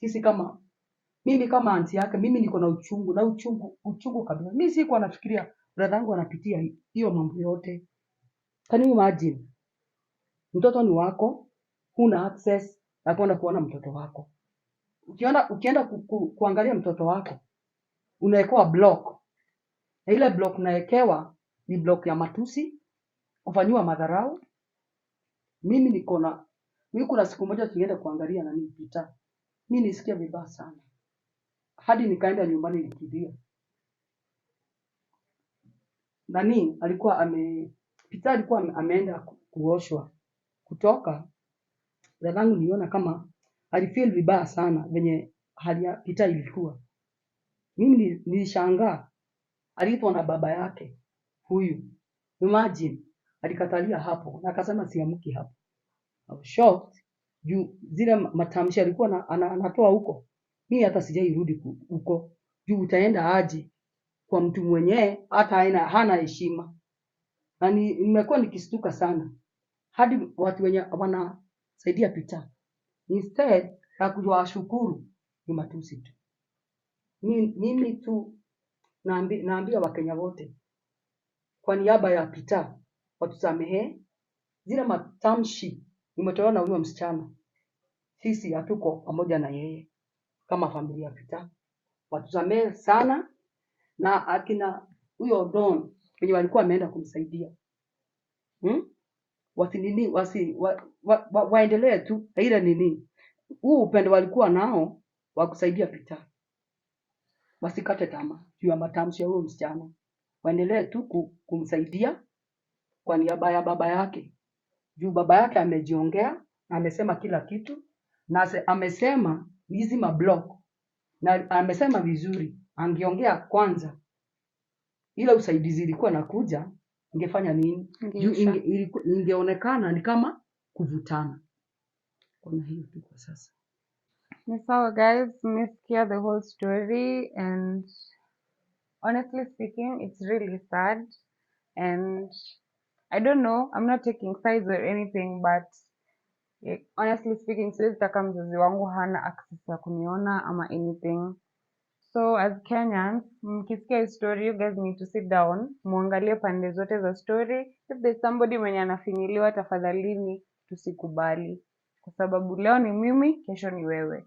sisi kama mimi kama anti yake, mimi niko na uchungu na uchungu uchungu kabisa. Mimi siko nafikiria brother yangu anapitia hiyo mambo yote. Can you imagine? Mtoto ni wako, huna access na kwenda kuona mtoto wako. Ukiona ukienda ku, ku, kuangalia mtoto wako unawekewa block, na ile block unawekewa ni block ya matusi, kufanyiwa madharau. Mimi niko na mimi, kuna siku moja tuende kuangalia na nini Peter mi nisikia vibaya sana, hadi nikaenda nyumbani nikilia. Nani alikuwa ame Pita alikuwa ameenda kuoshwa kutoka dadangu, niliona kama alifeel vibaya sana venye hali ya Pita ilikuwa. Mimi nilishangaa alipo na baba yake huyu, imagine alikatalia hapo na akasema siamki hapo. I was shocked juu zile matamshi alikuwa na, ana, anatoa huko, mimi hata sijairudi huko juu utaenda aje kwa mtu mwenyewe hata hana, hana heshima. Na nimekuwa nikistuka sana hadi watu wenye wanasaidia pita instead ya kuwashukuru ni matusi tu. Mimi tu naambia, naambia Wakenya wote kwa niaba ya Peter watusamehe zile matamshi imetolewa na huyo msichana sisi hatuko pamoja na yeye kama familia pita Watusamee sana na akina huyo Don wenye walikuwa wameenda kumsaidia hmm? nini wasi, wa, wa, wa, waendelee tu ile nini huu upendo walikuwa nao wa kusaidia Peter, wasikate tamaa juu ya matamshi ya huyo msichana, waendelee tu kumsaidia kwa niaba ya baba yake, juu baba yake amejiongea na amesema kila kitu na amesema hizi mablock na amesema vizuri, angeongea kwanza ila usaidizi ilikuwa nakuja, ingefanya nini? ingeonekana ni kama kuvutana. Kuna hiyo tu kwa sasa. Ni sawa guys, nimesikia the whole story and honestly speaking it's really sad and I don't know, I'm not taking sides or anything but honestly speaking siwezi taka mzazi wangu hana access ya kuniona ama anything so as kenyans mkisikia hii story you guys need to sit down mwangalie pande zote za story if there's somebody mwenye anafinyiliwa tafadhalini tusikubali kwa sababu leo ni mimi kesho ni wewe